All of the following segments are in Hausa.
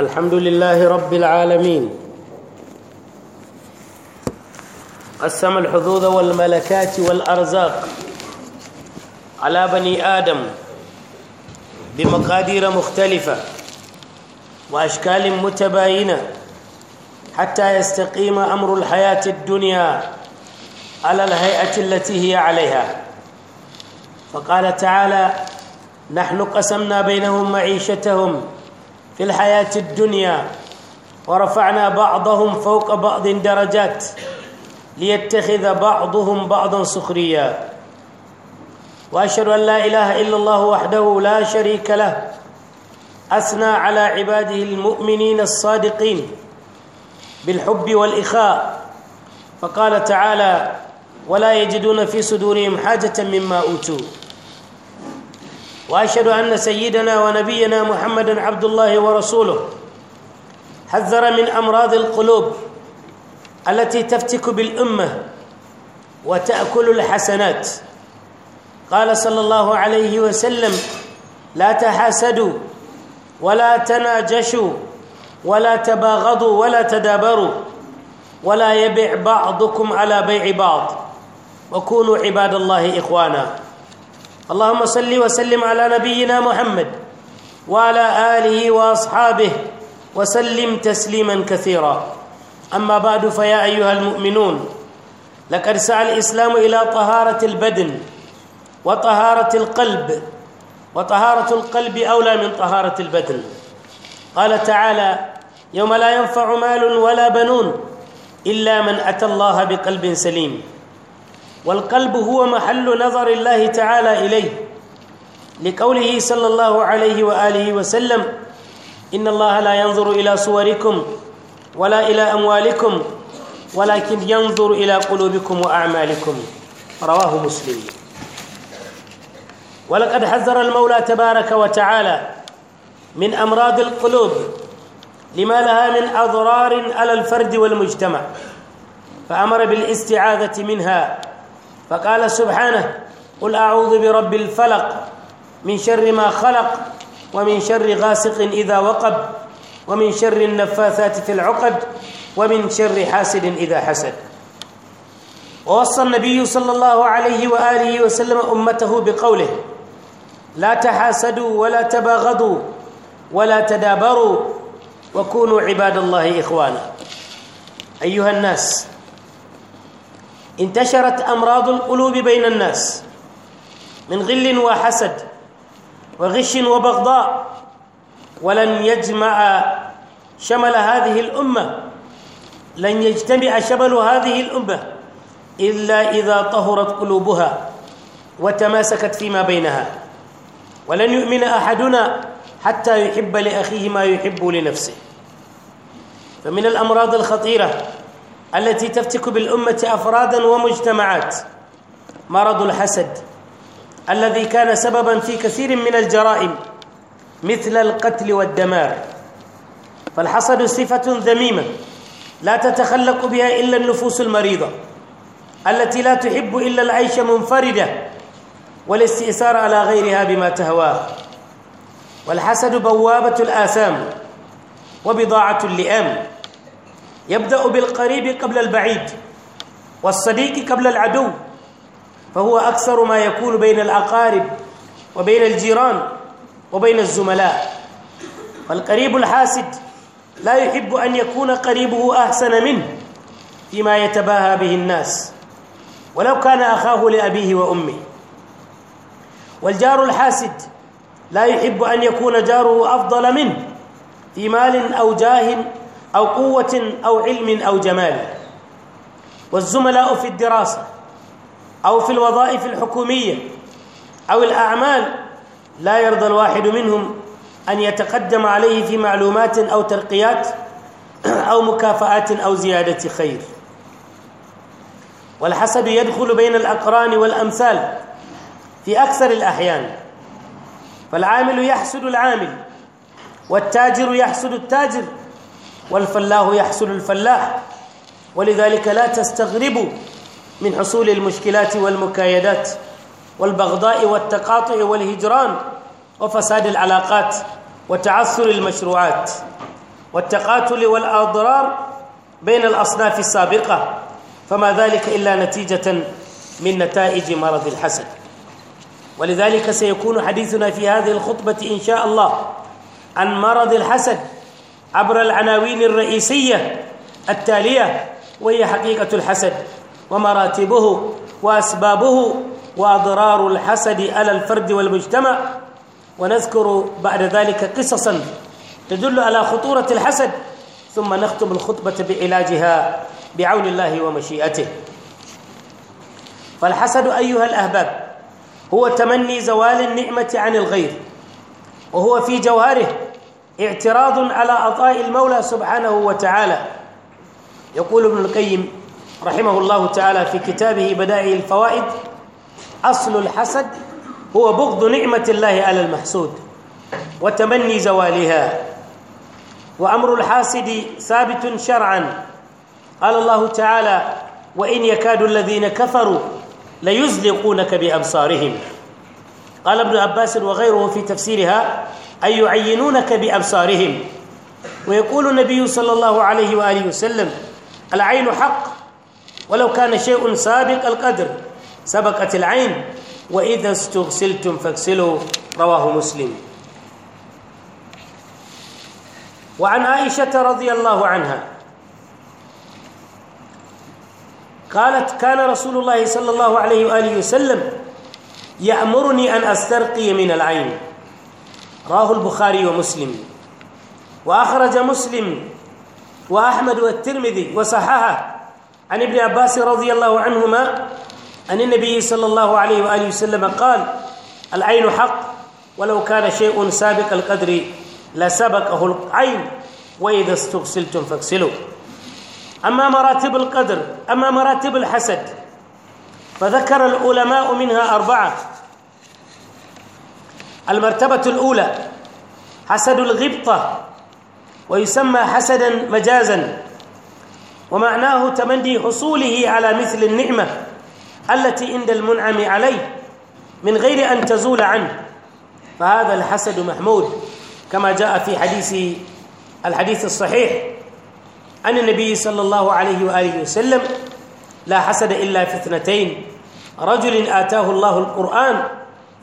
الحمد لله رب العالمين قسم الحظوظ والملكات والأرزاق على بني آدم بمقادير مختلفة وأشكال متباينة حتى يستقيم أمر الحياة الدنيا على الهيئة التي هي عليها فقال تعالى نحن قسمنا بينهم معيشتهم في الحياة الدنيا ورفعنا بعضهم فوق بعض درجات ليتخذ بعضهم بعضا سخريا واشهد ان لا اله الا الله وحده لا شريك له اثنى على عباده المؤمنين الصادقين بالحب والاخاء فقال تعالى ولا يجدون في صدورهم حاجه مما اوتوا واشهد ان سيدنا ونبينا محمدا عبد الله ورسوله حذر من امراض القلوب التي تفتك بالامه وتاكل الحسنات قال صلى الله عليه وسلم لا تحاسدوا ولا تناجشوا ولا تباغضوا ولا تدابروا ولا يبع بعضكم على بيع بعض وكونوا عباد الله اخوانا اللهم صل وسلم على نبينا محمد وعلى آله وأصحابه وسلم تسليما كثيرا أما بعد فيا أيها المؤمنون لقد سعى الإسلام إلى طهارة البدن وطهارة القلب وطهارة القلب أولى من طهارة البدن قال تعالى يوم لا ينفع مال ولا بنون إلا من أتى الله بقلب سليم والقلب هو محل نظر الله تعالى إليه لقوله صلى الله عليه وآله وسلم إن الله لا ينظر إلى صوركم ولا إلى أموالكم ولكن ينظر إلى قلوبكم وأعمالكم رواه مسلم ولقد حذر المولى تبارك وتعالى من أمراض القلوب لما لها من أضرار على الفرد والمجتمع فأمر بالاستعاذة منها فقال سبحانه قل أعوذ برب الفلق من شر ما خلق ومن شر غاسق إذا وقب ومن شر النفاثات في العقد ومن شر حاسد إذا حسد ووصى النبي صلى الله عليه وآله وسلم أمته بقوله لا تحاسدوا ولا تباغضوا ولا تدابروا وكونوا عباد الله إخوانا أيها الناس انتشرت أمراض القلوب بين الناس من غل وحسد وغش وبغضاء ولن يجمع شمل هذه الأمة لن يجتمع شمل هذه الأمة إلا إذا طهرت قلوبها وتماسكت فيما بينها ولن يؤمن أحدنا حتى يحب لأخيه ما يحب لنفسه فمن الأمراض الخطيرة التي تفتك بالأمة أفرادا ومجتمعات مرض الحسد الذي كان سببا في كثير من الجرائم مثل القتل والدمار فالحسد صفة ذميمة لا تتخلق بها إلا النفوس المريضة التي لا تحب إلا العيش منفردة والاستئثار على غيرها بما تهواه والحسد بوابة الآثام وبضاعة اللئام يبدأ بالقريب قبل البعيد والصديق قبل العدو فهو أكثر ما يكون بين الأقارب وبين الجيران وبين الزملاء فالقريب الحاسد لا يحب أن يكون قريبه أحسن منه فيما يتباهى به الناس ولو كان أخاه لأبيه وأمه والجار الحاسد لا يحب أن يكون جاره أفضل منه في مال أو جاه أو قوة أو علم أو جمال والزملاء في الدراسة أو في الوظائف الحكومية أو الأعمال لا يرضى الواحد منهم أن يتقدم عليه في معلومات أو ترقيات أو مكافآت أو زيادة خير والحسد يدخل بين الأقران والأمثال في أكثر الأحيان فالعامل يحسد العامل والتاجر يحسد التاجر والفلاح يحصل الفلاح ولذلك لا تستغربوا من حصول المشكلات والمكايدات والبغضاء والتقاطع والهجران وفساد العلاقات وتعثر المشروعات والتقاتل والأضرار بين الأصناف السابقة فما ذلك إلا نتيجة من نتائج مرض الحسد ولذلك سيكون حديثنا في هذه الخطبة إن شاء الله عن مرض الحسد عبر العناوين الرئيسية التالية وهي حقيقة الحسد ومراتبه وأسبابه وأضرار الحسد على الفرد والمجتمع ونذكر بعد ذلك قصصا تدل على خطورة الحسد ثم نختم الخطبة بعلاجها بعون الله ومشيئته فالحسد أيها الأحباب هو تمني زوال النعمة عن الغير وهو في جوهره اعتراض على عطاء المولى سبحانه وتعالى يقول ابن القيم رحمه الله تعالى في كتابه بدائع الفوائد أصل الحسد هو بغض نعمة الله على المحسود وتمني زوالها وأمر الحاسد ثابت شرعا قال الله تعالى وإن يكاد الذين كفروا ليزلقونك بأبصارهم قال ابن عباس وغيره في تفسيرها أي يعينونك بأبصارهم ويقول النبي صلى الله عليه وآله وسلم العين حق ولو كان شيء سابق القدر سبقت العين وإذا استغسلتم فاغسلوا رواه مسلم وعن عائشة رضي الله عنها قالت كان رسول الله صلى الله عليه وآله وسلم يأمرني أن أسترقي من العين رواه البخاري ومسلم وأخرج مسلم وأحمد والترمذي وصححه عن ابن عباس رضي الله عنهما عن النبي صلى الله عليه وآله وسلم قال العين حق ولو كان شيء سابق القدر لسبقه العين وإذا استغسلتم فاغسلوا أما مراتب القدر أما مراتب الحسد فذكر العلماء منها أربعة المرتبة الأولى حسد الغبطة ويسمى حسدا مجازا ومعناه تمني حصوله على مثل النعمة التي عند المنعم عليه من غير أن تزول عنه فهذا الحسد محمود كما جاء في حديث الحديث الصحيح عن النبي صلى الله عليه وآله وسلم لا حسد إلا في اثنتين رجل آتاه الله القرآن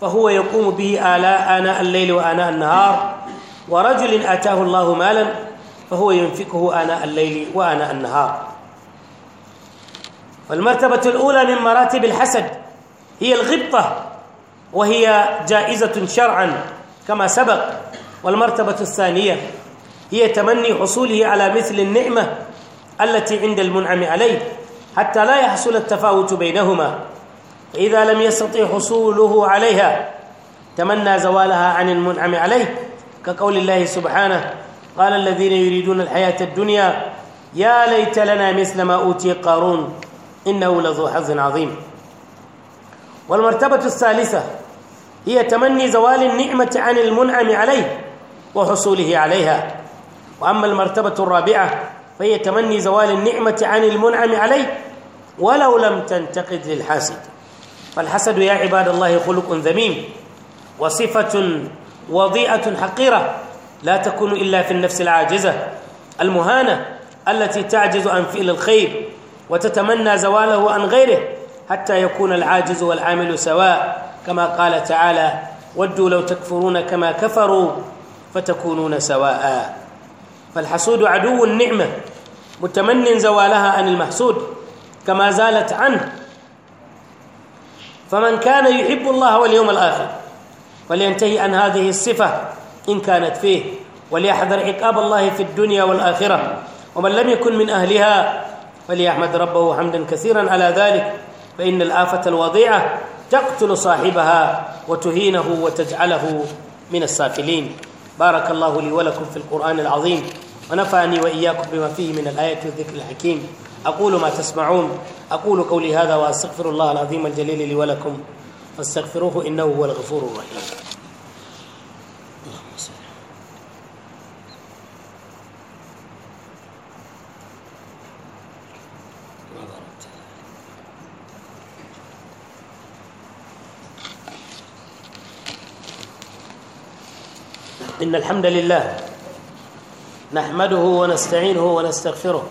فهو يقوم به آلاء آناء الليل وآناء النهار ورجل أتاه الله مالا فهو ينفقه آناء الليل وآناء النهار فالمرتبة الأولى من مراتب الحسد هي الغبطة وهي جائزة شرعا كما سبق والمرتبة الثانية هي تمني حصوله على مثل النعمة التي عند المنعم عليه حتى لا يحصل التفاوت بينهما فإذا لم يستطع حصوله عليها تمنى زوالها عن المنعم عليه كقول الله سبحانه قال الذين يريدون الحياة الدنيا يا ليت لنا مثل ما أوتي قارون إنه لذو حظ عظيم والمرتبة الثالثة هي تمني زوال النعمة عن المنعم عليه وحصوله عليها وأما المرتبة الرابعة فهي تمني زوال النعمة عن المنعم عليه ولو لم تنتقد للحاسد فالحسد يا عباد الله خلق ذميم وصفة وضيئة حقيرة لا تكون إلا في النفس العاجزة المهانة التي تعجز عن فعل الخير وتتمنى زواله عن غيره حتى يكون العاجز والعامل سواء كما قال تعالى ودوا لو تكفرون كما كفروا فتكونون سواء فالحسود عدو النعمة متمن زوالها عن المحسود كما زالت عنه فمن كان يحب الله واليوم الآخر فلينتهي عن هذه الصفة إن كانت فيه وليحذر عقاب الله في الدنيا والآخرة ومن لم يكن من أهلها فليحمد ربه حمدا كثيرا على ذلك فإن الآفة الوضيعة تقتل صاحبها وتهينه وتجعله من السافلين بارك الله لي ولكم في القرآن العظيم ونفعني وإياكم بما فيه من الآية والذكر الحكيم أقول ما تسمعون أقول قولي هذا وأستغفر الله العظيم الجليل لي ولكم فاستغفروه إنه هو الغفور الرحيم إن الحمد لله نحمده ونستعينه ونستغفره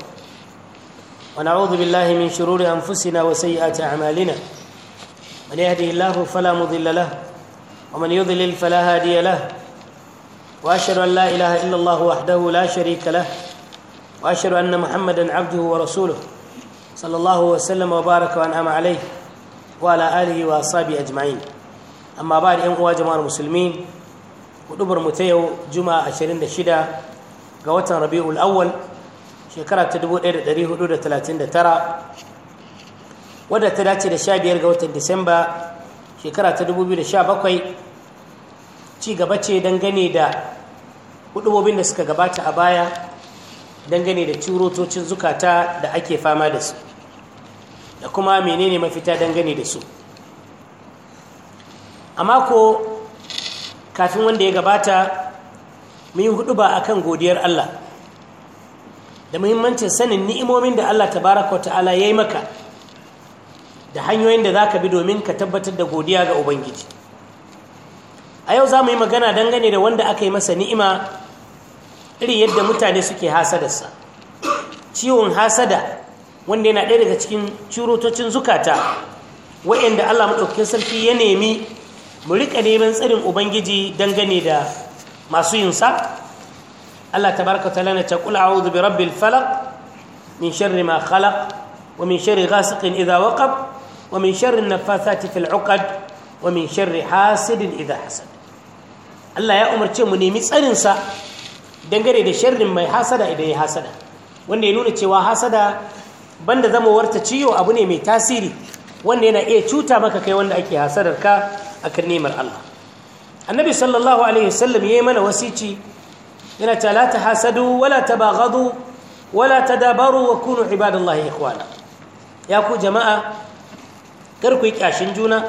ونعوذ بالله من شرور أنفسنا وسيئات أعمالنا من يهده الله فلا مضل له ومن يضلل فلا هادي له وأشهد أن لا إله إلا الله وحده لا شريك له وأشهد أن محمدا عبده ورسوله صلى الله وسلم وبارك وأنعم عليه وعلى آله وأصحابه أجمعين أما بعد أن جماعة المسلمين ودبر متيو جمعة 26 ga watan rabi'ul awwal shekara ta 1439 wadda ta dace da 15 ga watan disamba shekara ta 2017 ci gaba ce dangane da hudubobin da suka gabata a baya dangane da cirotocin zukata da ake fama da su da kuma menene mafita dangane da su a mako kafin wanda ya gabata mun yi hudu ba akan godiyar Allah da muhimmancin sanin ni'imomin da Allah tabaraka ta'ala yayi maka da hanyoyin da za ka bi domin ka tabbatar da godiya ga ubangiji a yau za mu yi magana dangane da wanda aka yi masa ni'ima iri yadda mutane suke hasadarsa ciwon hasada wanda yana ɗaya daga cikin curutocin zukata wa'anda Allah maɗaukakin sarki ya nemi mu riƙa neman tsarin ubangiji dangane da masu yin sa Allah tabaraka ta'ala ne ta kula a'udhu bi rabbil falak min sharri ma khalaq wa min sharri ghasiqin idha waqab wa min sharri an fil 'uqad wa min sharri hasidin idha hasad Allah ya umarce mu nemi tsarin sa dangare da sharrin mai hasada idan ya hasada wanda ya nuna cewa hasada banda zamowarta ciwo abu ne mai tasiri wanda yana iya cuta maka kai wanda ake hasadar ka akan nemar Allah annabi sallallahu alaihi wasallam yayi mana wasici yana ta la tahasadu wala tabaghadu wala tadabaru wa kunu ibadallahi ikhwana ya ku jama'a kar ku kyashin juna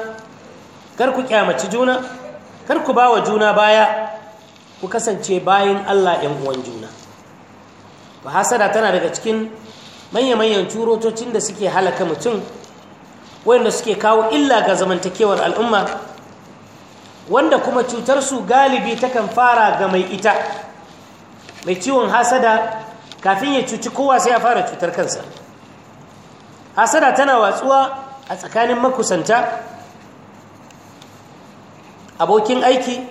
kar ku kyamaci juna kar ku bawa juna baya ku kasance bayan Allah ‘yan uwan juna ba hasada tana daga cikin manya-manyan curotocin da suke halaka mutum wanda suke kawo illa ga zamantakewar al'umma wanda kuma cutar su galibi takan fara ga mai ita mai ciwon hasada kafin ya cuci kowa sai ya fara cutar kansa hasada tana watsuwa a tsakanin makusanta abokin aiki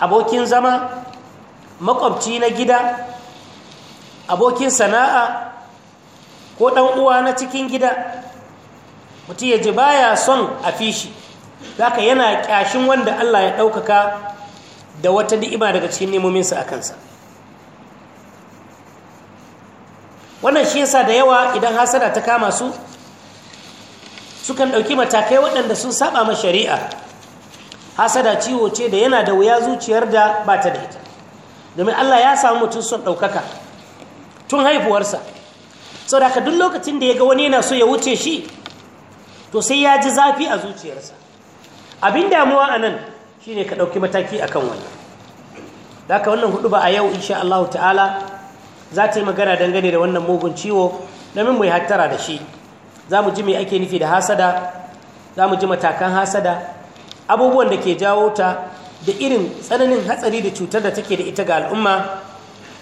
abokin zama makwabci na gida abokin sana'a ko ɗan uwa na cikin gida mutum ya ji baya son a fishi zaka yana kyashin wanda Allah ya ɗaukaka da wata ni'ima daga cikin nemominsa a kansa wannan shi yasa da yawa idan hasada ta kama su sukan ɗauki matakai waɗanda sun saba ma shari'a hasada ciwo ce da yana da wuya zuciyar da ba ta da ita domin Allah ya samu mutum son ɗaukaka tun haifuwarsa sau da duk lokacin da ya ga wani yana so ya wuce shi to sai ya ji zafi a zuciyarsa abin damuwa a nan shi ne ka ɗauki mataki a kan wani. za ka wannan hudu ba a yau insha Allah ta'ala za ta yi magana dangane da wannan mugun ciwo domin mu yi hattara da shi za mu ji mai ake nufi da hasada za mu ji matakan hasada abubuwan da ke jawo ta da irin tsananin hatsari da cutar da take da ita ga al'umma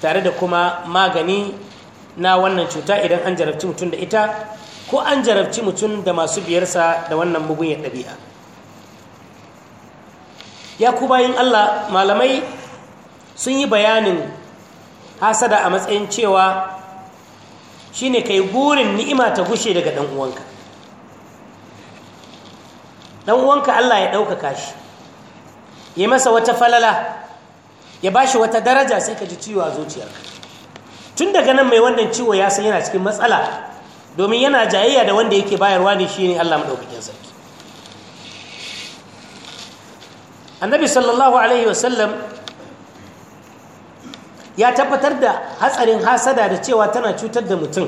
tare da kuma magani na wannan cuta idan an jarabci mutum da ita ko an jarabci mutum da masu biyarsa da wannan mugun ya ɗabi'a ya ku bayin Allah malamai sun yi bayanin hasada a matsayin cewa shi shine kai gurin ni'ima ta gushe daga ɗan'uwanka. Ɗan'uwanka Allah ya ɗaukaka shi ya masa wata falala ya ba shi wata daraja sai ka ji ciwo a zuciyarka tun daga nan mai wannan ciwo ya san yana cikin matsala domin yana jayayya da wanda yake bayarwa ne shi ne Allah maɗaukakin sarki annabi sallallahu alaihi wasallam ya tabbatar da hatsarin hasada da cewa tana cutar da mutum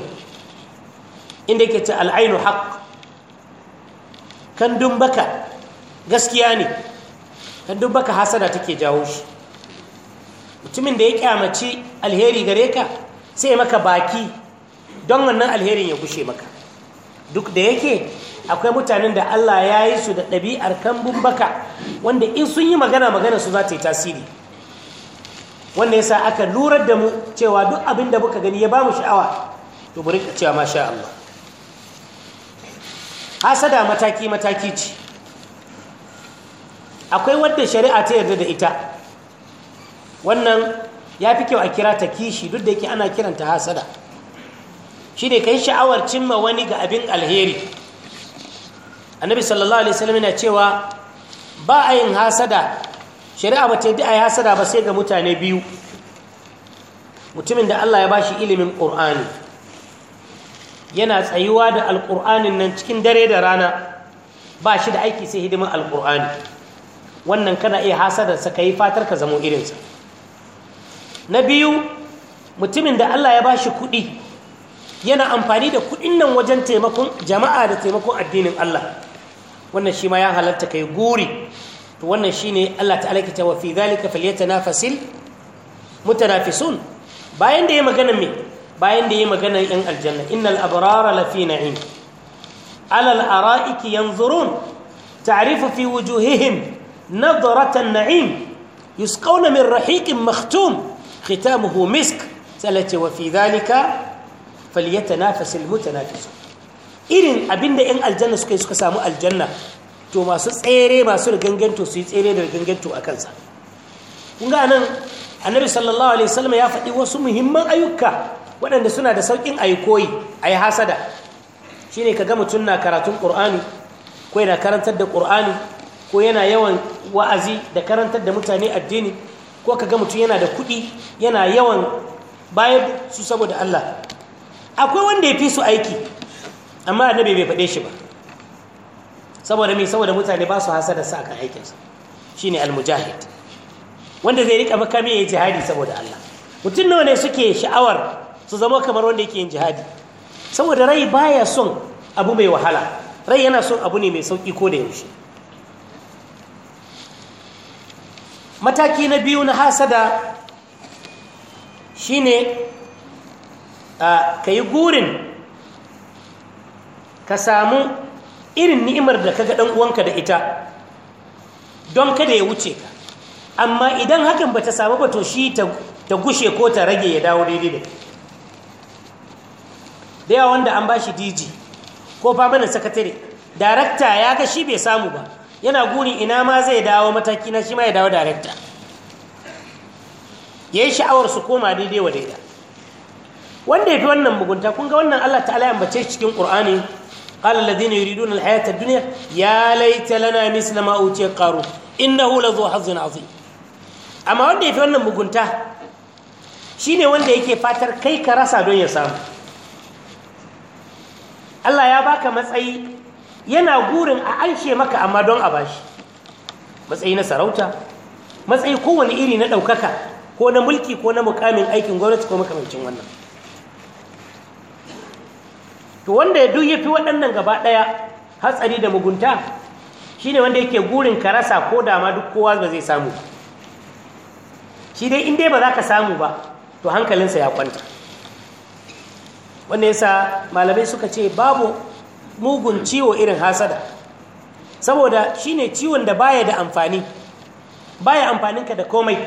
inda ke ce al'ainu haq. kandun baka gaskiya ne kandun baka hasada take jawo shi mutumin da ya kyamaci alheri gare ka sai maka baki don wannan alherin ya gushe maka duk da yake akwai mutanen da Allah ya yi su da ɗabi'ar kambun baka wanda in sun yi magana magana su za ta yi tasiri wannan sa aka lurar da mu cewa duk abin da muka gani ya ba mu sha'awa to buri ka cewa masha Allah hasada mataki mataki ce akwai wadda shari'a ta yarda da ita wannan ya fi kyau a kira ta kishi duk da yake ana kiranta hasada shi ne ka yi sha'awar cimma wani ga abin alheri annabi sallallahu alaihi wasallam yana cewa ba a yin hasada shari'a ba ta yi a hasada ba sai ga mutane biyu mutumin da Allah ya bashi ilimin Qur'ani yana tsayuwa da alƙur'anin nan cikin dare da rana ba shi da aiki sai hidimin alƙur'ani wannan kana iya hasadarsa ka yi fatar ka zamo sa. na biyu mutumin da Allah ya bashi kuɗi yana amfani da kuɗin nan wajen taimakon jama'a da taimakon addinin Allah wannan shi ma ya halatta kai guri to wannan shine Allah ta'ala ke cewa fi zalika falyatanafasil mutanafisun bayan da yayi magana me bayan da yayi magana yan aljanna innal abrara lafi na'im ala al-ara'iki yanzurun ta'rifu fi wujuhihim nadratan na'im yusqawna min rahiqin makhtum khitamuhu misk salati wa fi dhalika falyatanafasil mutanafisun irin abinda yan aljanna suka yi suka samu aljanna to masu tsere masu riganganto su yi tsere da riganganto a kansa kun ga nan annabi sallallahu alaihi wasallam ya faɗi wasu muhimman ayyuka waɗanda suna da saukin ayyukoyi, a yi hasada Shi ne ka ga mutum na karatun ƙur'ani ko yana karantar da ƙur'ani ko yana yawan wa'azi da karantar da mutane addini ko ka ga mutum yana da kuɗi yana yawan bayar su saboda Allah akwai wanda ya fi su aiki amma annabi bai faɗe shi ba saboda mai saboda mutane ba su hasada sa kan aikinsa shine almujahid wanda zai rika makami yi jihadi saboda Allah mutum nawa ne suke sha'awar su zama kamar wanda yake yin jihadi saboda rai baya son abu mai wahala rai yana son abu ne mai sauki ko da yaushe mataki na biyu na hasada shine ka yi gurin ka samu irin ni'imar da kaga dan uwanka da ita don kada ya wuce ka amma idan hakan ba ta samu ba to shi ta gushe ko ta rage ya dawo daidai da da yawa wanda an ba shi DG ko famanin sakatare darakta ya ga shi bai samu ba yana guri ina ma zai dawo mataki na shi ma ya dawo darakta ya yi sha'awar su koma daidai wa daida wanda ya fi wannan mugunta kun ga wannan allah ta'ala ya ce cikin ƙur'ani قال الذين يريدون الحياة الدنيا يا ليت لنا مثل ما أوتي قارون إنه لذو حظ عظيم أما wanda yafi wannan mugunta shine wanda yake fatar kai ka rasa don ya samu Allah ya baka matsayi yana gurin a anshe maka amma don a bashi matsayi na sarauta matsayi kowane iri na ɗaukaka ko na mulki ko na mukamin aikin gwamnati ko makamancin wannan to wanda ya duk yafi waɗannan gaba ɗaya hatsari da mugunta shine wanda yake gurin ka rasa ko dama duk kowa ba zai samu shi dai in dai ba za ka samu ba to hankalinsa ya kwanta wannan yasa malamai suka ce babu mugun ciwo irin hasada saboda shine ciwon da baya da amfani baya amfaninka da komai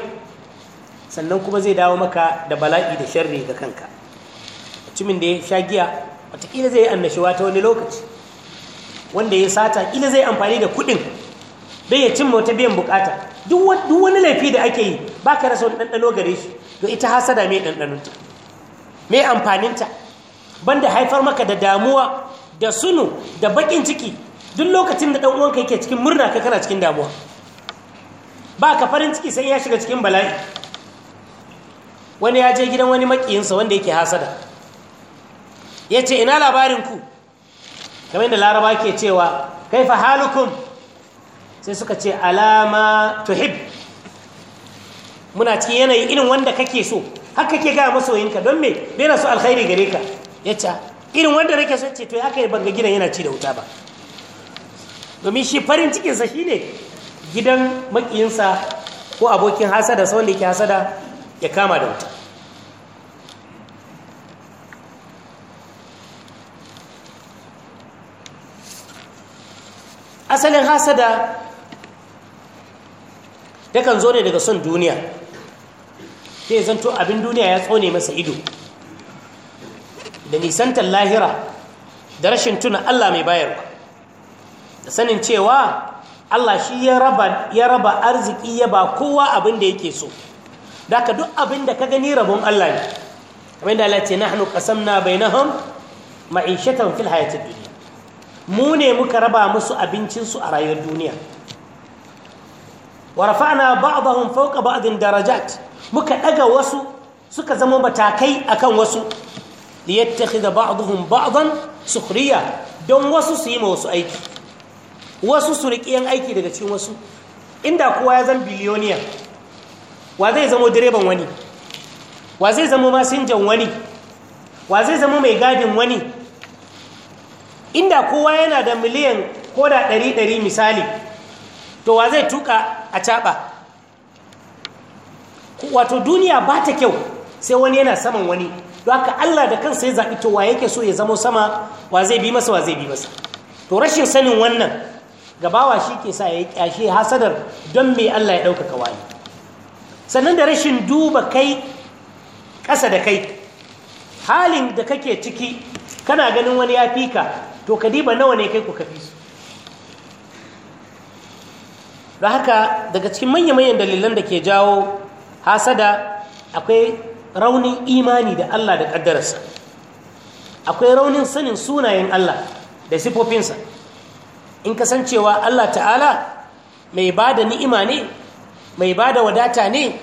sannan kuma zai dawo maka da bala'i da sharri ga kanka mutumin da ya sha giya wataƙila zai yi annashuwa wani lokaci wanda ya sata ƙila zai amfani da kuɗin don ya cimma wata biyan bukata duk wani laifi da ake yi ba ka rasa wani ɗanɗano gare shi to ita hasada mai ɗanɗanonta mai amfaninta banda haifar maka da damuwa da sunu da baƙin ciki duk lokacin da ɗan uwanka yake cikin murna ka kana cikin damuwa ba ka farin ciki sai ya shiga cikin bala'i wani ya je gidan wani makiyinsa wanda yake hasada ya ce ina ku kamar da laraba ke cewa kai fa halukum sai suka ce alama tuhib muna cikin yanayi irin wanda kake so haka ke gaya masoyinka don me bai na so alkhairi gare ka ya ce irin wanda nake so ce to ya kai banga gidan yana ci da wuta ba domin shi farin cikinsa shi ne gidan makiyinsa ko abokin hasada sa wanda yake hasada ya kama da wuta asalin hasada yakan zo ne daga son duniya zan zanto abin duniya ya tsone masa ido da nisantar lahira da rashin tuna Allah mai bayarwa da sanin cewa Allah shi ya raba arziki ya ba kowa abin da yake so da ka duk abin da ka gani rabon Allah ne kamar da Allah ce na qasamna bainahum ma'ishatan fil hayatid mu ne muka raba musu abincinsu a rayuwar duniya wa rafa'na ba'dahum fawqa ba'din darajat muka daga wasu suka zama matakai akan wasu liyattakhidha ba'dhum ba'dan sukhriya don wasu su yi ma wasu aiki wasu su riƙi yan aiki daga cikin wasu inda kowa ya zama biliyoniya wa zai zama direban wani wa zai zama masinjan wani wa zai zama mai gadin wani inda kowa yana da miliyan ko da ɗari ɗari misali to wa zai tuka a caɓa wato duniya ba ta kyau sai wani yana saman wani To haka allah da kansa ya zaɓi to wa yake so ya zamo sama wa zai bi masa wa zai bi masa to rashin sanin wannan gabawa shi ke sa ya yi kyashe hasadar don mai allah ya ɗaukaka kawai sannan da rashin duba kai ƙasa da kai halin da kake ciki kana ganin wani ya fi ka to kadiba nawa ne kai ku kafi su don haka daga cikin manya-manyan dalilan da ke jawo hasada akwai raunin imani da Allah da ƙaddararsa akwai raunin sanin sunayen Allah da sifofinsa in kasancewa Allah ta'ala mai ba da ni'ima ne mai ba da wadata ne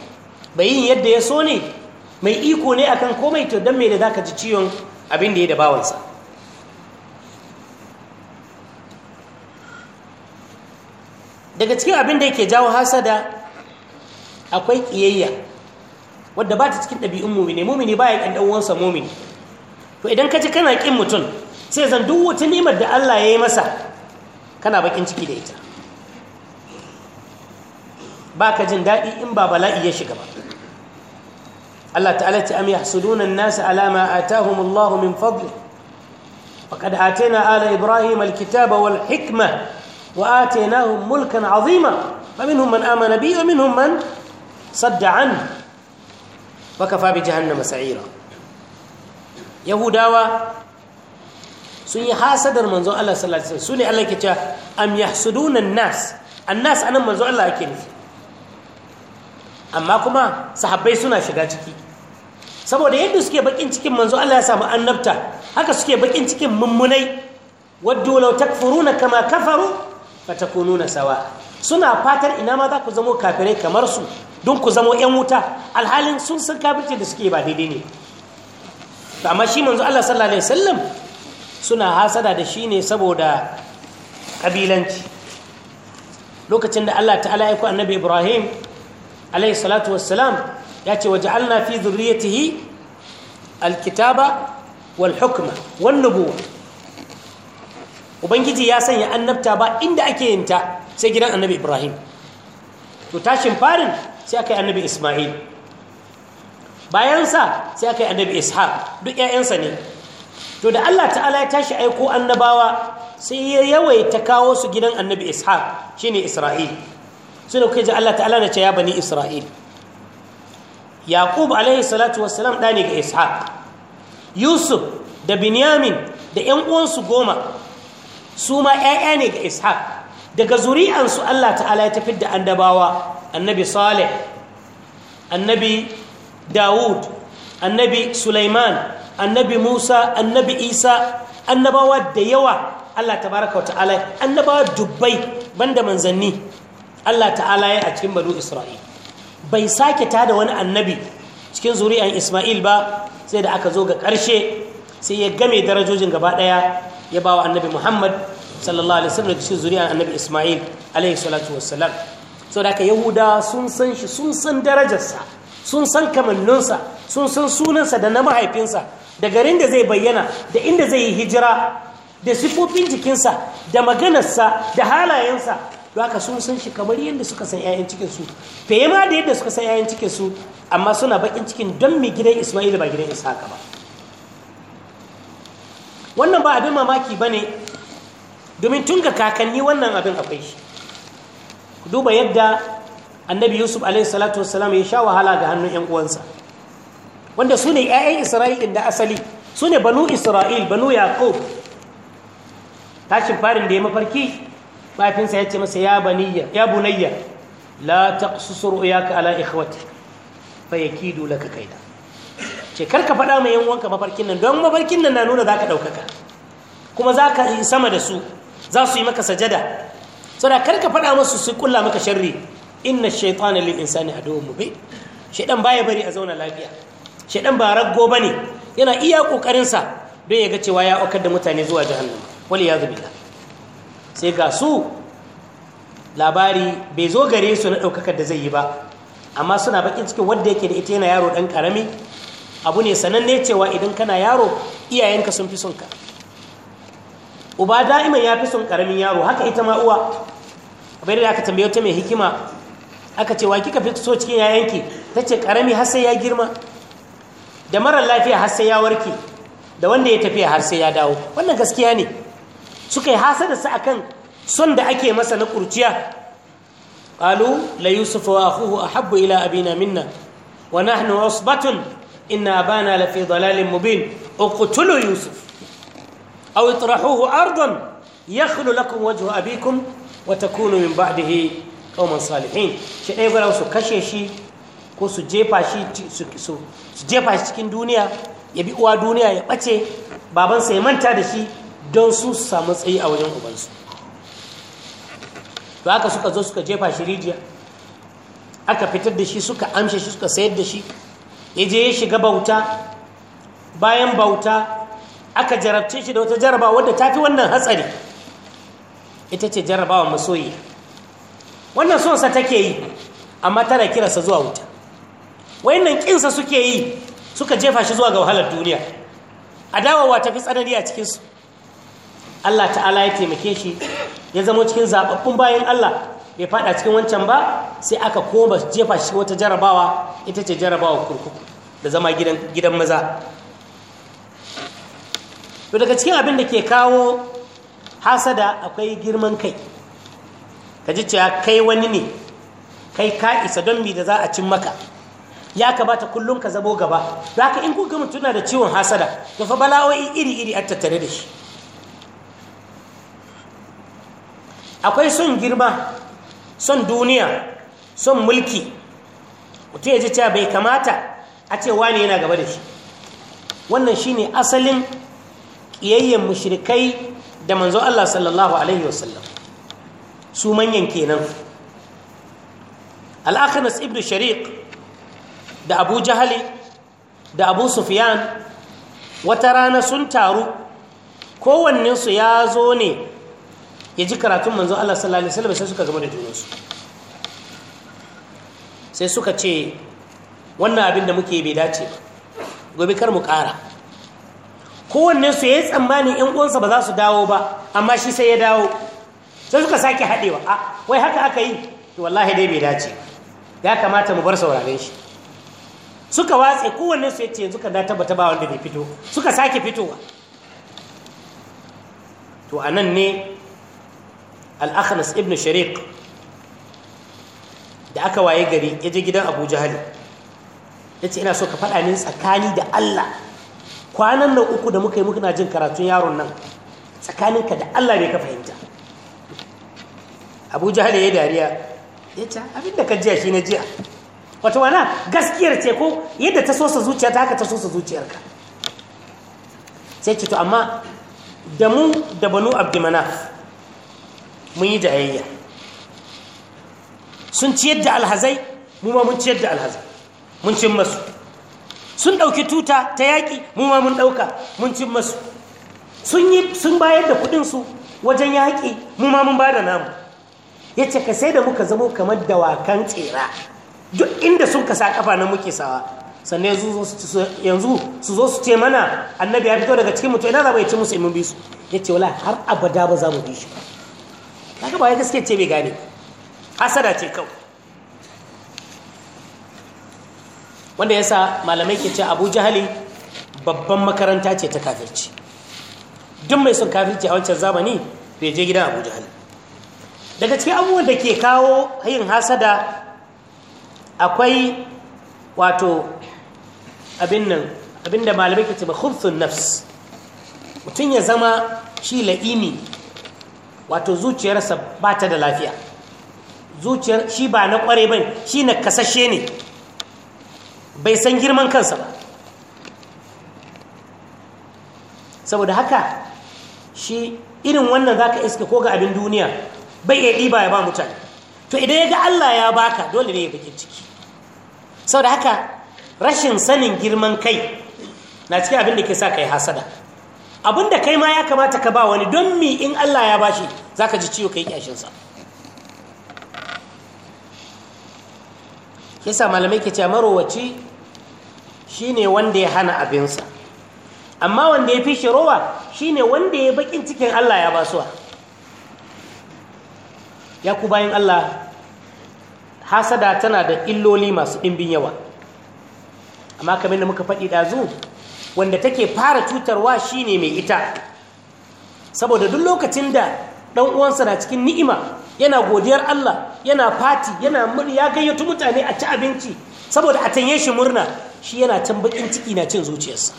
mai yin yadda ya so ne mai iko ne akan komai to don mai da za ka ji ciwon abin da ya da bawansa daga cikin abin da yake jawo hasada akwai kiyayya wadda ba ta cikin ɗabi'un mumini mumini baya ya dan uwansa mumini to idan ka ji kana kin mutum sai zan duk wata nimar da Allah ya yi masa kana bakin ciki da ita ba ka jin daɗi in ba bala'i ya shiga ba Allah ta'ala ta am yahsuduna an-nas ala ma atahum Allah min fadli faqad atayna ala ibrahim al-kitaba wal hikma وآتيناهم ملكا عظيما فمنهم من آمن به ومنهم من صد عنه وكفى بجهنم سعيرا يهوداوا sun yi hasadar manzon Allah sallallahu alaihi wasallam sune Allah ke cewa am yahsuduna an-nas an-nas anan manzon Allah yake nufi amma kuma sahabbai suna shiga ciki saboda yadda suke bakin cikin manzon Allah ya samu annabta haka suke bakin cikin mummunai waddu law takfuruna kama kafaru fatakununa sawa suna fatar ina ma za ku zamo kafirai kamar su don ku zamo yan wuta alhalin sun san kafirci da suke ba daidai ne amma shi manzo Allah sallallahu alaihi wasallam suna hasada da shi ne saboda kabilanci lokacin da Allah ta'ala ya ku annabi Ibrahim alaihi salatu wassalam ya ce waja'alna fi dhurriyyatihi alkitaba wal hukma wan nubuwah ubangiji ya sanya annabta ba inda ake yin ta sai gidan annabi ibrahim to tashin farin sai aka yi annabi isma'il bayansa sai aka yi annabi ishaq duk 'ya'yansa ne to da allah ta'ala ya tashi aiko annabawa sai ya yawaita kawo su gidan annabi ishaq shine isra'il suna kuka ji allah ta'ala na ce ya bani isra'il yaqub alaihi salatu wassalam ɗa ne ga ishaq yusuf da binyamin da 'yan uwansu goma su ma 'ya'ya ne ga ishaq daga zuri'ansu allah ta'ala ya tafi da annabawa annabi saleh annabi dawud annabi sulaiman annabi musa annabi isa annabawa da yawa allah tabaraka wa ta'ala annabawa dubbai banda manzanni allah ta'ala ya a cikin banu isra'il bai sake da wani annabi cikin zuri'an isma'il ba sai da aka zo ga ƙarshe sai ya game darajojin gaba ɗaya ya ba wa annabi muhammad sallallahu alaihi wasallam da cikin zuriyar annabi isma'il alaihi salatu wassalam sau da yahuda sun san shi sun san darajarsa sun san kamanninsa sun san sunansa da na mahaifinsa da garin da zai bayyana da inda zai yi hijira da sifofin jikinsa da maganarsa da halayensa don haka sun san shi kamar yadda suka san 'ya'yan cikinsu fiye ma da yadda suka san 'ya'yan cikinsu amma suna bakin cikin don mai gidan isma'il ba gidan ishaka ba wannan ba abin mamaki ba ne domin tun ga kakanni wannan abin akwai shi ku duba yadda annabi yusuf alaihi wassalam ya sha wahala ga hannun yan uwansa wanda su ne 'ya'yan isra'il da asali su ne banu isra'il banu yaqub tashin farin da ya mafarki mahaifinsa ya ce masa ya baniyya ya bunayya la taqsus ru'yaka ala ikhwatik fa yakidu laka kaida ce ka faɗa mai yan uwanka mafarkin nan don mafarkin nan na nuna zaka ɗaukaka kuma zaka yi sama da su za su yi maka sajada saboda kar ka faɗa musu su kulla maka sharri inna shaytana lil insani aduwwun mubin shaydan baya bari a zauna lafiya shaydan ba raggo bane yana iya kokarin sa don ya ga cewa ya aukar da mutane zuwa jahannama wal yaz billah sai ga su labari bai zo gare su na daukakar da zai yi ba amma suna bakin cikin wanda yake da ita yana yaro dan karami abu ne sananne cewa idan kana yaro iyayenka sun fi son uba da'iman ya fi son karamin yaro haka ita ma uwa kamar da aka tambaye ta mai hikima aka ce wa kika fi so cikin yayanki ta ce karami har sai ya girma da marar lafiya har sai ya warke da wanda ya tafiya har sai ya dawo wannan gaskiya ne suka yi hasada su akan son da ake masa na kurciya qalu la yusuf wa a ahabbu ila abina minna wa nahnu usbatun inna abana la fi dalalin mubin uqtulu yusuf aw itrahuhu ardan yakhlu lakum wajhu abikum wa takunu min ba'dihi qauman salihin shi dai gura su kashe shi ko su jefa shi su jefa shi cikin duniya ya bi uwa duniya ya ɓace babansa ya manta da shi don su samu tsayi a wajen ubansu to haka suka zo suka jefa shi rijiya aka fitar da shi suka amshe shi suka sayar da shi ya je ya shiga bauta bayan bauta aka jarabce shi da wata jaraba wadda ta fi wannan hatsari ita ce jarabawa masoyi wannan sonsa take yi amma tana kiransa zuwa wuta wayannan kinsa suke yi suka jefa shi zuwa ga wahalar duniya adawawa ta fi tsanani a cikinsu Allah ta'ala ya taimake shi ya zama cikin zaɓaɓɓun bayan Allah bai faɗa cikin wancan ba sai aka koma jefa shi wata jarabawa ita ce jarabawa kurkuku da zama gidan maza to daga cikin abin da ke kawo hasada akwai girman kai ka ji cewa kai wani ne kai ka isa don mi da za a cin maka ya kamata kullum ka zamo gaba za ka in kuka mutuna da ciwon hasada to fa bala'o'i iri-iri a tattare da shi akwai son girma son duniya son mulki mutum ya ji cewa bai kamata a ce wani yana gaba da shi wannan shine asalin ƙiyayyen mushrikai da manzo Allah sallallahu alaihi wasallam su manyan kenan al-akhnas ibn shariq da abu jahali da abu sufyan wata rana sun taru kowanninsu ya zo ne ya ji karatun manzo Allah sallallahu alaihi wasallam sai suka gama da junansu sai suka ce wannan abin da muke bai dace gobe kar mu kara. kowanne su yi tsammanin yan uwansa ba za su dawo ba amma shi sai ya dawo sai suka sake haɗewa a wai haka aka yi to wallahi dai bai dace ya kamata mu bar sauraren shi suka watse kowanne su yace yanzu kan na ba wanda bai fito suka sake fitowa to nan ne al-akhnas ibn shariq da aka waye gari ya je gidan abu jahali ya ce ina so ka faɗa ni tsakani da allah kwanan nan uku da muka yi muka jin karatun yaron nan tsakaninka da Allah ne ka fahimta Abu da ya dariya ya ta abinda ka jiya shi na jiya wata wana gaskiyar ce ko yadda ta sosa zuciya ta haka ta sosa zuciyarka sai ce to amma da mu da banu abdimanaf mun yi jayayya sun ciyar da alhazai mu ma mun ciyar da alhazai mun cin masu sun ɗauki tuta ta yaƙi mu ma mun ɗauka mun cin masu sun yi sun bayar da kuɗinsu wajen yaƙi mu ma mun bada namu ya ce ka sai da muka zamo kamar dawakan tsira duk inda sun kasa kafa na muke sawa sannan yanzu su zo su ce mana annabi ya fito daga cikin mutu ina za mu ci musu imin bisu ya ce wala har abada ba za mu bi shi ba ya gaske ce bai gane hasada ce kawai wanda yasa malamai ke ce abu jahali babban makaranta ce ta kafirci duk mai son kafirci a wancan zamani bai je gidan abu jahali daga cikin abubuwan da ke kawo yin hasada akwai wato abin da malamai ke ce ba khubthun nafs mutum ya zama shi la'imi wato zuciyarsa ba ta da lafiya zuciyar shi ba na kware ba shi na kasashe ne bai san girman kansa ba saboda haka shi irin wannan za ka iska ko ga abin duniya bai iya ɗiba ya ba mutane to idan ya ga Allah ya baka dole ne ya bakin ciki saboda haka rashin sanin girman kai na cikin abin da ke sa ka yi hasada abin da kai ma ya kamata ka ba wani don mi in Allah ya bashi za ka ji ciwo ka yi ƙyashinsa yasa malamai ke cewa marowaci shine wanda ya hana abinsa amma wanda ya fi shi rowa shine wanda ya bakin cikin Allah ya ba suwa ya ku bayan Allah hasada tana da illoli masu ɗimbin yawa amma kamar da muka faɗi ɗazu wanda take fara cutarwa shine mai ita saboda duk lokacin da Ɗan uwansa na cikin ni'ima yana godiyar Allah yana fati yana ya gayyato mutane a ci abinci saboda a tanye shi murna shi yana can bakin ciki na cin zuciyarsa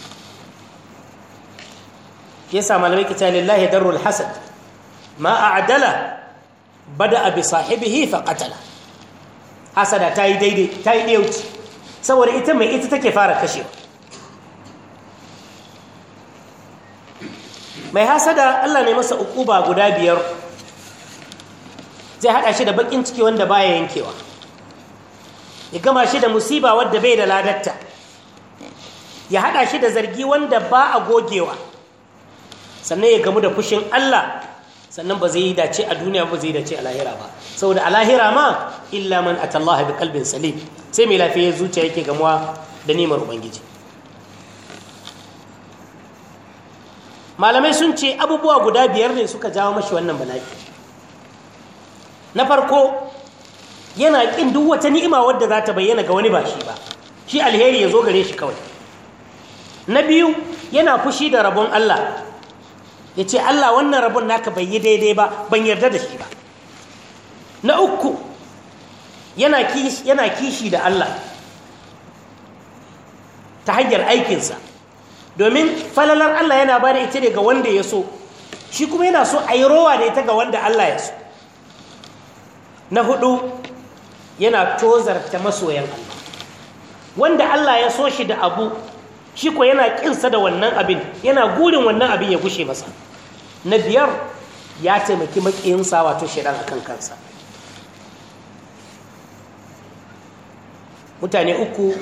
yasa malamai kita lillahi darul hasad ma a'dala bada bi sahibihi fa qatala hasada tayi daidai tayi dauci saboda ita mai ita take fara kashewa mai hasada Allah ne masa ukuba guda biyar zai haɗa shi da bakin ciki wanda baya yankewa ya gama shi da musiba wadda bai da ladatta ya haɗa shi da zargi wanda ba a gogewa sannan ya gamu da fushin Allah sannan ba zai yi dace a duniya ba zai yi dace a lahira ba saboda a lahira ma illa man atallaha bi qalbin salim sai mai lafiya zuciya yake gamuwa da nimar ubangiji malamai sun ce abubuwa guda biyar ne suka jawo mashi wannan bala'i na farko yana ƙin duk wata ni'ima wadda za ta bayyana ga wani ba shi ba shi alheri ya zo gare shi kawai na biyu yana fushi da rabon Allah ya ce Allah wannan rabon naka bai yi daidai ba ban yarda da shi ba na uku yana kishi da Allah ta hanyar aikinsa domin falalar Allah yana ba da ita ne ga wanda ya so shi kuma yana so a yi rowa da ita ga wanda Allah ya so na hudu yana tozarta masoyan Allah wanda Allah ya so shi da abu shi ko yana kinsa da wannan abin yana gurin wannan abin ya gushe masa na biyar ya taimaki makiyinsa wato shaidan akan kansa mutane uku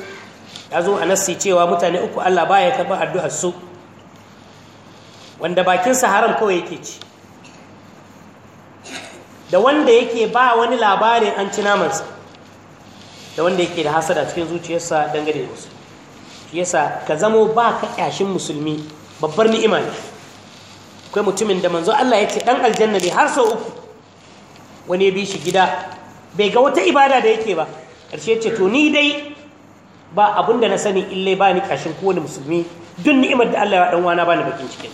ya zo a nassi cewa mutane uku Allah baya karɓar addu'ar su wanda bakinsa haram kawai yake ci da wanda yake ba wani labarin an ci namansa da wanda yake da hasada cikin zuciyarsa dangane da wasu shi yasa ka zamo ba ka ƙyashin musulmi babbar ni'ima ne akwai mutumin da manzo Allah ya ce dan aljanna ne har sau uku wani ya bi shi gida bai ga wata ibada da yake ba ƙarshe ce to ni dai ba abin da na sani illai ba ni kashin kowane musulmi duk ni'imar da Allah ya dan wana ba ni bakin cikin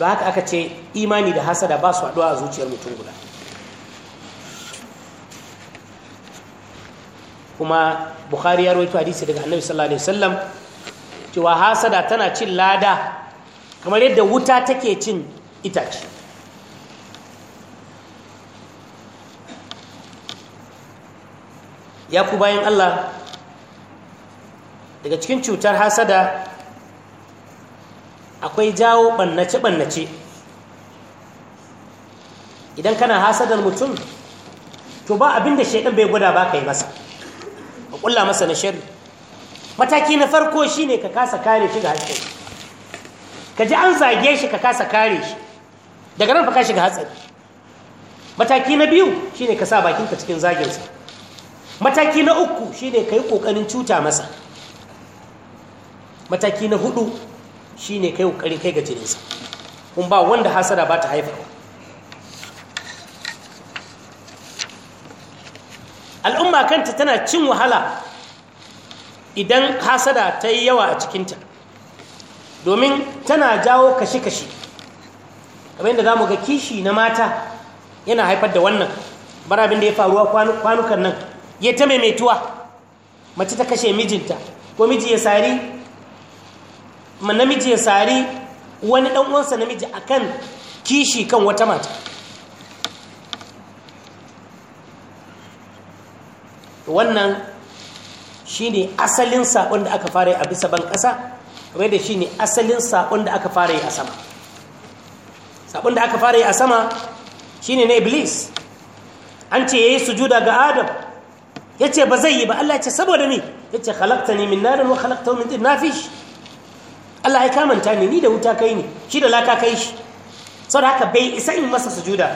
ba haka aka ce imani da hasada ba su haɗuwa a zuciyar mutum guda kuma bukhari ya rawaito hadisi daga annabi sallallahu alaihi wasallam cewa hasada tana cin lada kamar yadda wuta take cin itace ya ku bayan Allah daga cikin cutar hasada akwai jawo ɓannace-ɓannace idan kana hasadar mutum to ba abin da shaidan bai gwada ba ka yi masa ka ƙulla masa na shari mataki na farko shi ne ka kasa kare shi ga hatsari ka ji an zage shi ka kasa kare shi daga nan fa ka shiga hatsari mataki na biyu shi ne ka sa bakinka cikin zagensa. mataki na uku shine kai kokarin cuta masa mataki na hudu shine kai kokarin kai ga jininsa kun ba wanda hasara ba ta al'umma kanta tana cin wahala idan hasada ta yi yawa a cikinta domin tana jawo kashi-kashi abin da za mu ga kishi na mata yana haifar da wannan barabin da ya faruwa kwanukan nan ya ta maimaituwa mace ta kashe mijinta ko miji ya sari namiji ya sari wani dan uwansa namiji akan kishi kan wata mata wannan shi ne asalin saƙon da aka fara yi a bisa ban kasa kamar da shi ne asalin saƙon da aka fara yi a sama saƙon da aka fara yi a sama shi ne na iblis an ce ya yi sujuda ga adam yace ba zai yi ba Allah yace saboda ni yace khalaqtani min narin wa khalaqtahu min tin nafish Allah ya kamanta ni ni da wuta kai ne shi da laka kai shi saboda haka bai isa in masa sujuda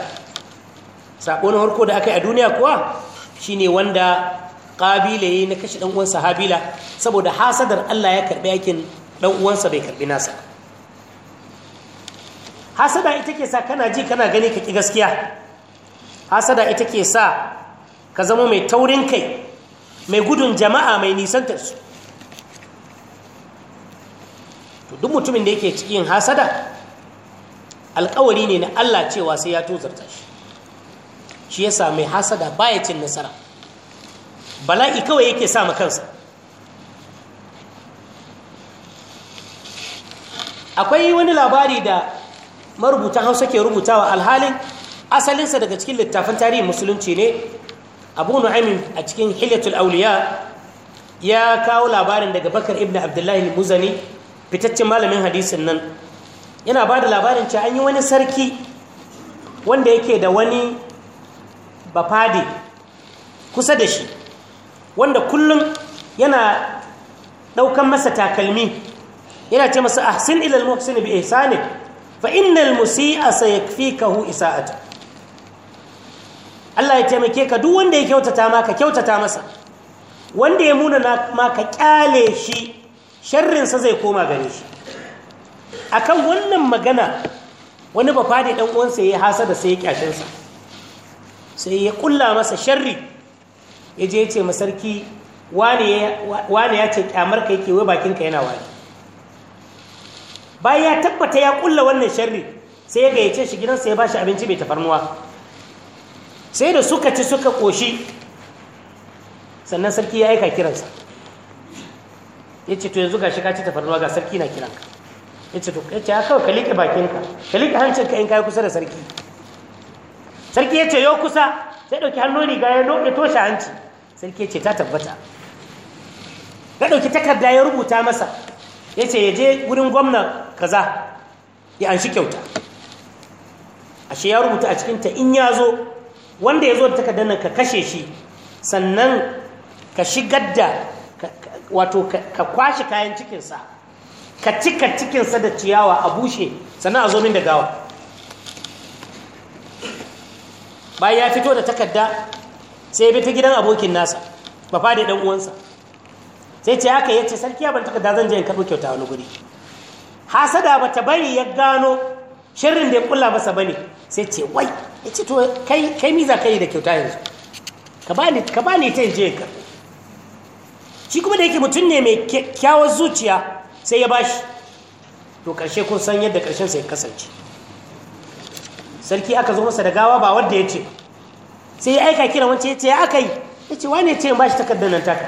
sako na harko da aka yi a duniya kuwa shine wanda qabila yayi na kashi dan uwansa habila saboda hasadar Allah ya karbi yakin dan uwansa bai karbi nasa hasada ita ke sa kana ji kana gani ka ki gaskiya hasada ita ke sa ka zama mai taurin kai mai gudun jama'a mai nisantarsu. to duk mutumin da yake cikin hasada alkawari ne na Allah cewa sai ya tozarta shi shi ya sa mai hasada baya cin nasara bala'i kawai yake sa ma kansa akwai wani labari da marubutan hausa ke rubutawa alhalin asalinsa daga cikin littafin tarihin musulunci ne abu nu'aymin a cikin hilyatul auliya ya kawo labarin daga bakar ibn abdullahi muzani fitaccen malamin hadisin nan yana ba da labarin cewa an yi wani sarki wanda yake da wani bafadi kusa da shi wanda kullum yana ɗaukan masa takalmi yana ce masa ahsin ilal muhsin bi ihsani fa innal musii'a sayakfikahu isa'ata Allah ya taimake ka duk wanda ya kyautata ma ka kyautata masa wanda ya muna ma ka kyale shi sharrinsa zai koma gare shi akan wannan magana wani ba fadi dan uwansa ya hasa da sai ya sa sai ya kulla masa sharri ya je ya ce "Sarki, wane ya ce kyamar ka yake wai ka yana wani bayan ya tabbata ya kulla wannan sharri sai ya gayyace shi gidansa ya ba shi abinci mai tafarnuwa sai da suka ci suka ƙoshi sannan sarki ya aika kiransa ya ce to yanzu ga shiga ci tafarnuwa ga sarki na kiranka ya ce to ya ce haka ka liƙe bakinka ka liƙe hancinka in kayi kusa da sarki sarki ya ce yau kusa sai ɗauki hannun riga ya loɗe toshe hanci sarki ya ce ta tabbata ya ɗauki takarda ya rubuta masa ya ce ya je wurin gwamna kaza ya an shi kyauta ashe ya rubuta a cikinta in ya zo wanda ya zo da takardar nan ka kashe shi sannan ka shigar da wato ka kwashe kayan cikinsa ka cika cikinsa da ciyawa a bushe sannan a zo min da gawa bayan ya fito da takarda sai ya bi ta gidan abokin nasa ba fadi dan uwansa sai ce haka ya ce sarki ya ban takarda zan je in karɓi kyauta wani guri hasada ba ta bari ya gano shirin da ya kula masa ne sai ce wai ya ce to kai miza ka yi da kyauta yanzu ka ba ka bani ta je ka shi kuma da yake mutum ne mai kyawar zuciya sai ya bashi to karshe kun san yadda karshen sai kasance sarki aka zo masa da gawa ba wanda ya ce sai ya aika kira wance ya ce ya aka yi ya ce wane ce in bashi takardar nan taka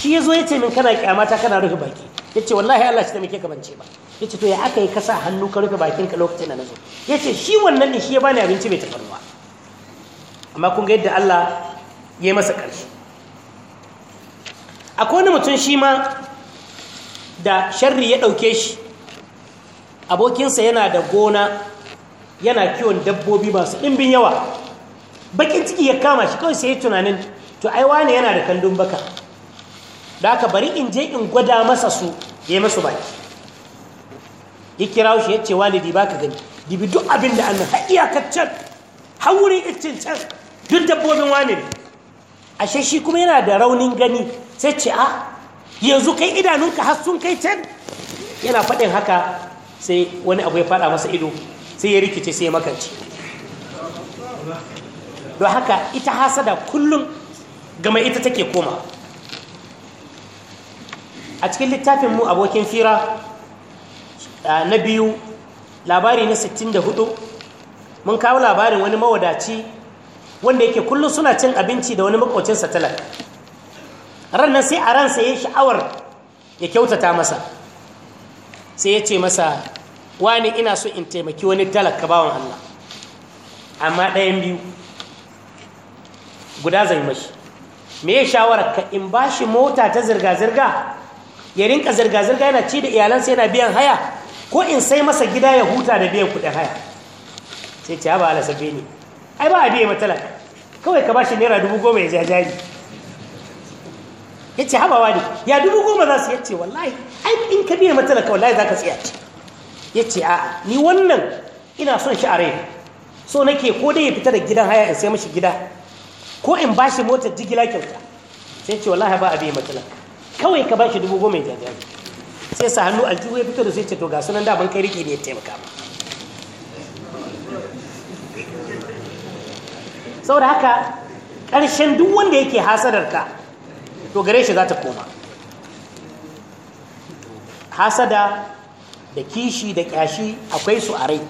shi ya zo ya ce min kana kyamata kana rufe baki ya ce wallahi Allah shi taimake ka bance ba ya ce to ya aka yi kasa hannu ka rufe bakin ka lokacin da na zo ya ce shi wannan ne shi ya bani abinci mai tafarnuwa amma kun ga yadda Allah ya yi masa ƙarshe akwai wani mutum shi ma da sharri ya ɗauke shi abokinsa yana da gona yana kiwon dabbobi masu ɗimbin yawa bakin ciki ya kama shi kawai sai tunanin to ai wane yana da kandun baka da aka bari in je in gwada masa su ya yi masu baki ya kira shi ya ce walidi ba ka gani dibi duk abin da annan ha iyakar can har wurin iccin can duk dabbobin wani ne ashe shi kuma yana da raunin gani sai ce a ah, yanzu kai idanunka har sun kai can yana faɗin haka sai wani abu ya faɗa masa ido sai ya rikice sai ya makance don haka ita hasada kullum gama ita take koma a cikin littafin mu abokin fira na biyu labari na 64 mun kawo labarin wani mawadaci wanda yake kullum suna cin abinci da wani makocinsa ran nan sai a ransa ya sha'awar ya kyautata masa sai ya ce masa wani ina so in taimaki wani talaka bawan Allah amma ɗayan biyu guda zai mashi me ya shawarar ka in ba shi mota ta zirga-zirga ya rinka zirga-zirga yana ci da iyalansa yana biyan haya ko in sai masa gida ya huta da biyan kuɗin haya sai ce ba ala sabbe ne ai ba a biya matala kawai ka bashi naira dubu goma ya jajaji ya ce wa ne ya dubu goma za su yace wallahi ai in ka biya matala ka wallahi za ka tsaya ce ya ce a ni wannan ina son shi a rai so nake ko dai ya fita da gidan haya in sai mashi gida ko in bashi motar jigila kyauta sai ce wallahi ba a biya matala kawai ka bashi dubu goma ya jajaji sai sa hannu aljihu ya fito da sai ce to ga sunan daban kai riƙe ne ya taimaka ba Sau da haka ƙarshen duk wanda yake hasadar ka to gare shi za ta koma hasada da kishi da ƙyashi akwai su a rai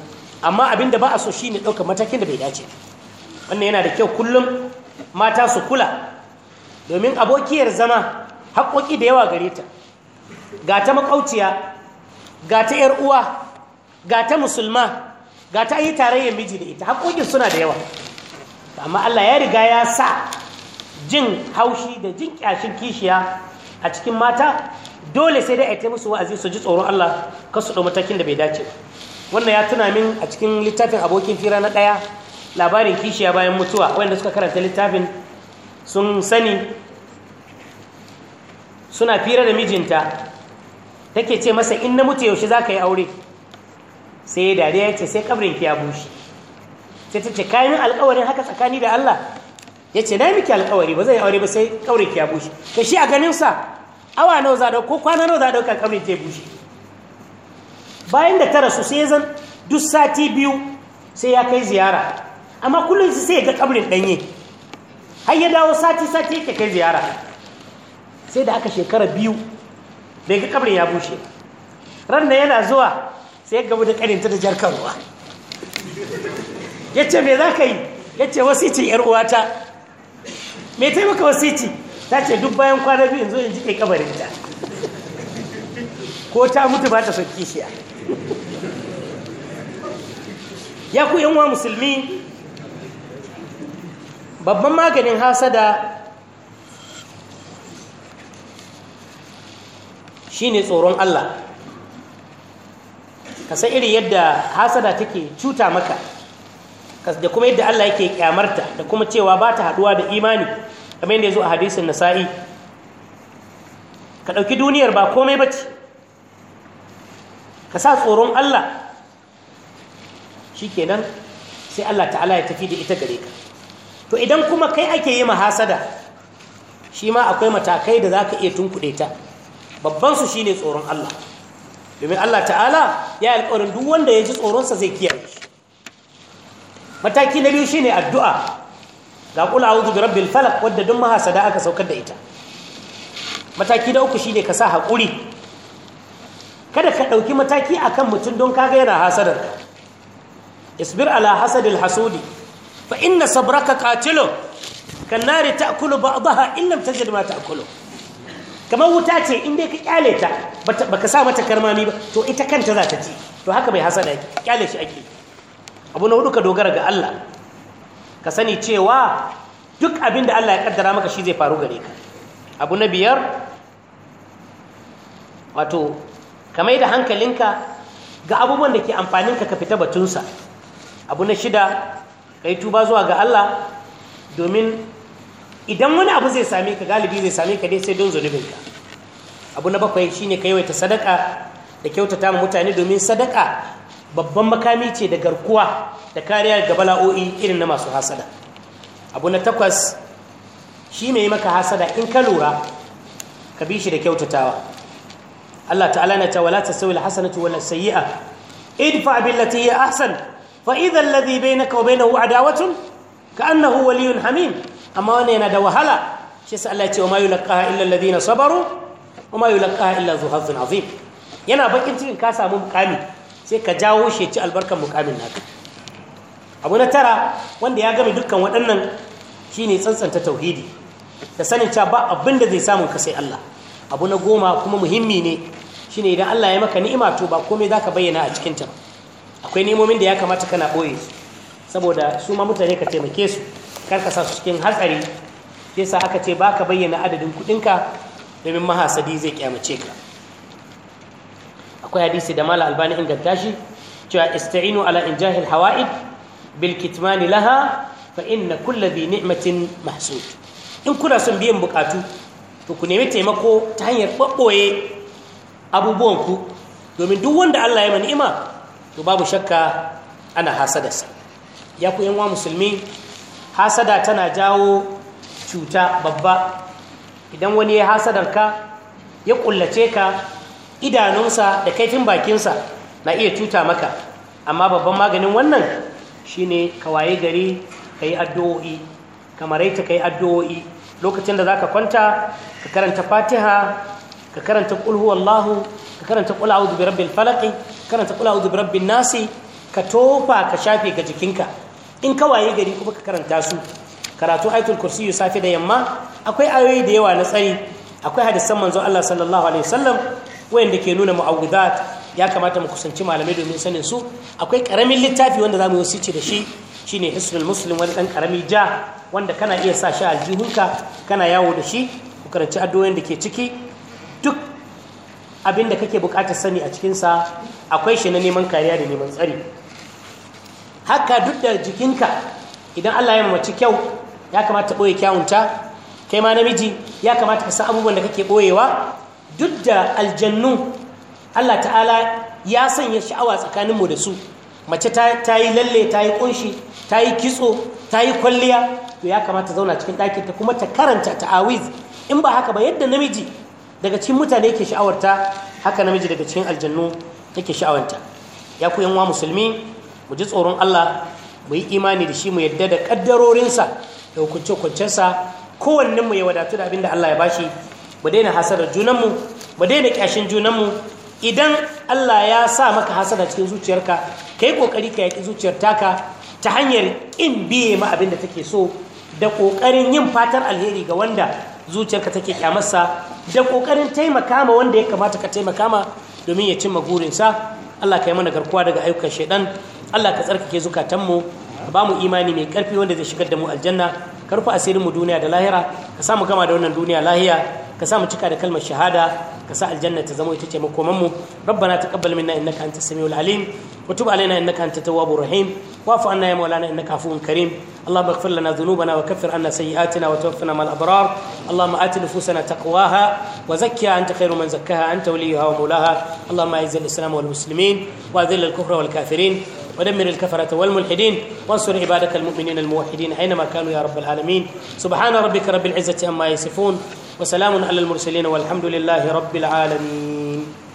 amma abin da ba a so shi ne ɗaukar matakin da bai dace wannan yana da kyau kullum mata su kula domin abokiyar zama haƙoƙi da yawa gare ta ga ta makauciya ga ta ‘yar uwa ga ta musulma ga ta yi tarayyar miji da ita haƙoƙin suna da yawa amma Allah ya riga ya sa jin haushi da jin ƙyashin kishiya a cikin mata dole sai dai a ta musu wa'azi su ji tsoron Allah kan su matakin da bai dace wannan ya tuna min a cikin littafin abokin fira na ɗaya labarin kishiya bayan mutuwa wanda suka karanta littafin sun sani suna fira da mijinta take ce masa in na mutu yaushe za ka yi aure sai ya dariya ya ce sai ki ya bushe sai ta ce kayan alkawarin haka tsakani da Allah ya ce na yi miki alkawari ba zai yi aure ba sai ki ya bushe ka shi a ganinsa awa nawa za ko kwana nawa za ɗauka kabrinki ya bushe bayan da ta rasu sai zan duk sati biyu sai ya kai ziyara amma kullum sai ya ga kabrin ɗanye har ya dawo sati sati yake kai ziyara sai da aka shekara biyu bai ga kabarin ya bushe ran nan yana zuwa sai gabu da kaninta da jarkarwa. ya ce me za ka yi ya ce wasicin yar uwata me taimaka wasici ta ce duk bayan kwana biyu in zo in jike kabarinta ko ta mutu ba ta son kishiya ya ku yan musulmi babban maganin hasada Shi ne tsoron Allah ka san iri yadda hasada take cuta maka da kuma yadda Allah yake kyamarta da kuma cewa ba ta haduwa da imani kamar yadda ya zo a hadisin nasa'i ka ɗauki duniyar ba komai ba ce ka sa tsoron Allah shi nan, sai Allah ta'ala ya tafi da ita gare ka to idan kuma kai ake yi ma hasada, shi ma akwai matakai da za ka iya tunkuɗe ta babban su shine tsoron Allah domin Allah ta'ala ya alƙawarin duk wanda ya ji tsoronsa zai kiyaye shi mataki na biyu shine addu'a ga qul a'udhu bi rabbil Falak, wadda duk mahasada aka saukar da ita mataki na uku shine ka sa haƙuri kada ka ɗauki mataki akan mutum don kaga yana hasadar ka isbir ala hasadil hasudi fa inna sabraka qatilun kan nari ta'kulu ba'daha illam tajid ma ta'kulu kamar wuta ce inda ka kyale ta baka sa mata karmami ba to ita kanta za ta ci to haka bai hasana yake kyale shi ake abu na hudu ka dogara ga Allah ka sani cewa duk abin da Allah ya kaddara maka shi zai faru gare ka abu na biyar wato ka mai da hankalinka ga abubuwan da ke amfanin ka ka fita batunsa abu na shida ka yi tuba zuwa ga Allah domin idan wani abu zai same ka galibi zai same ka dai sai don ka. abu na bakwai shine ka yawaita sadaka da kyautata ma mutane domin sadaka babban makami ce da garkuwa da kariya ga bala'o'i irin na masu hasada abu na takwas shi mai maka hasada in ka lura ka bi shi da kyautatawa Allah ta'ala na ta wala tasawi alhasanatu wala sayyi'a idfa billati hi ahsan fa idha alladhi bainaka wa bainahu adawatun ka'annahu waliyyun hamim amma wannan yana da wahala shi yasa Allah ya ce wa ma yulqaha illa alladhina sabaru wa ma yulqaha illa dhu azim yana bakin cikin ka samu mukami sai ka jawo shi ci albarkan mukamin naka abu na tara wanda ya gami dukkan waɗannan shine tsantsanta tauhidi da sanin cewa ba abin da zai samu ka sai Allah abu na goma kuma muhimmi ne shine idan Allah ya maka ni'ima to ba komai zaka bayyana a cikin ta akwai nemomin da ya kamata kana boye saboda su ma mutane ka taimake su kar ka sa su cikin hatsari yasa aka ce baka bayyana adadin kuɗinka domin mahasadi zai kyamace ka akwai hadisi da mala albani inganta shi cewa ista'inu ala injahil hawa'id bil kitmani laha fa inna kulla bi ni'matin mahsud in kuna son biyan bukatu to ku nemi taimako ta hanyar babboye abubuwan ku domin duk wanda Allah ya ni'ima to babu shakka ana hasadarsa ya ku yan wa musulmi hasada tana jawo cuta babba idan wani ya hasadar ka, ya kullace ka idanunsa da kaifin bakinsa na iya cuta maka amma babban maganin wannan shine ka waye gari ka yi addu'o'i kamaraita ka yi addu'o'i lokacin da za ka kwanta ka karanta fatiha ka karanta ƙulhu wallahu ka karanta ƙula audu bi rabbil falaki karanta ƙula audu rabbin nasi ka tofa ka shafe ga jikinka in kawaye gari kuma ka karanta su karatu aitul kursi safe da yamma akwai ayoyi da yawa na tsari akwai hadisan manzon Allah sallallahu alaihi wasallam wayanda ke nuna mu'awudat ya kamata mu kusanci malamai domin sanin su akwai karamin littafi wanda zamu wasici da shi shine hisnul muslim wani dan karami ja wanda kana iya sa shi aljihunka kana yawo da shi ku karanci addu'o'in da ke ciki duk abin da kake bukatar sani a cikin sa akwai shi na neman kariya da neman tsari haka duk da jikinka idan Allah ya mace kyau ya kamata ɓoye kyawunta kai ma namiji ya kamata ka san abubuwan da kake ɓoyewa duk da aljannu Allah ta'ala ya sanya sha'awa tsakaninmu da su mace ta yi lalle ta yi ƙunshi ta yi kitso ta yi kwalliya to ya kamata zauna cikin ɗakinta kuma ta karanta ta'awiz in ba haka ba yadda namiji daga cikin mutane ke sha'awarta haka namiji daga cikin aljannu yake sha'awarta ya ku yan musulmi mu ji tsoron Allah mu yi imani da shi mu yadda da kaddarorinsa da hukunce-hukuncensa kowannen mu ya wadatu da abin da Allah ya bashi mu daina hasarar junanmu mu daina ƙyashin junanmu idan Allah ya sa maka hasada cikin zuciyarka ka yi ƙoƙari ka yaki zuciyar taka ta hanyar ƙin biye ma abin da take so da ƙoƙarin yin fatar alheri ga wanda zuciyarka take kyamarsa da ƙoƙarin taimaka ma wanda ya kamata ka taimaka ma domin ya cimma gurinsa Allah ka yi mana garkuwa daga ayyukan shaidan Allah ka tsarkake zukatanmu ka ba mu imani mai karfi wanda zai shigar da mu aljanna ka rufe asirin mu duniya da lahira ka sa mu gama da wannan duniya lahiya ka sa mu cika da kalmar shahada ka sa aljanna ta zama ita ce makoman mu rabbana taqabbal minna innaka antas samiul alim wa tub alaina innaka antat tawwabur rahim واعف عنا يا مولانا انك عفو كريم اللهم اغفر لنا ذنوبنا وكفر عنا سيئاتنا وتوفنا مع الابرار اللهم ات نفوسنا تقواها وزكها انت خير من زكاها انت وليها ومولاها اللهم اعز الاسلام والمسلمين واذل الكفر والكافرين ودمر الكفرة والملحدين وانصر عبادك المؤمنين الموحدين أينما كانوا يا رب العالمين سبحان ربك رب العزة أما يصفون وسلام على المرسلين والحمد لله رب العالمين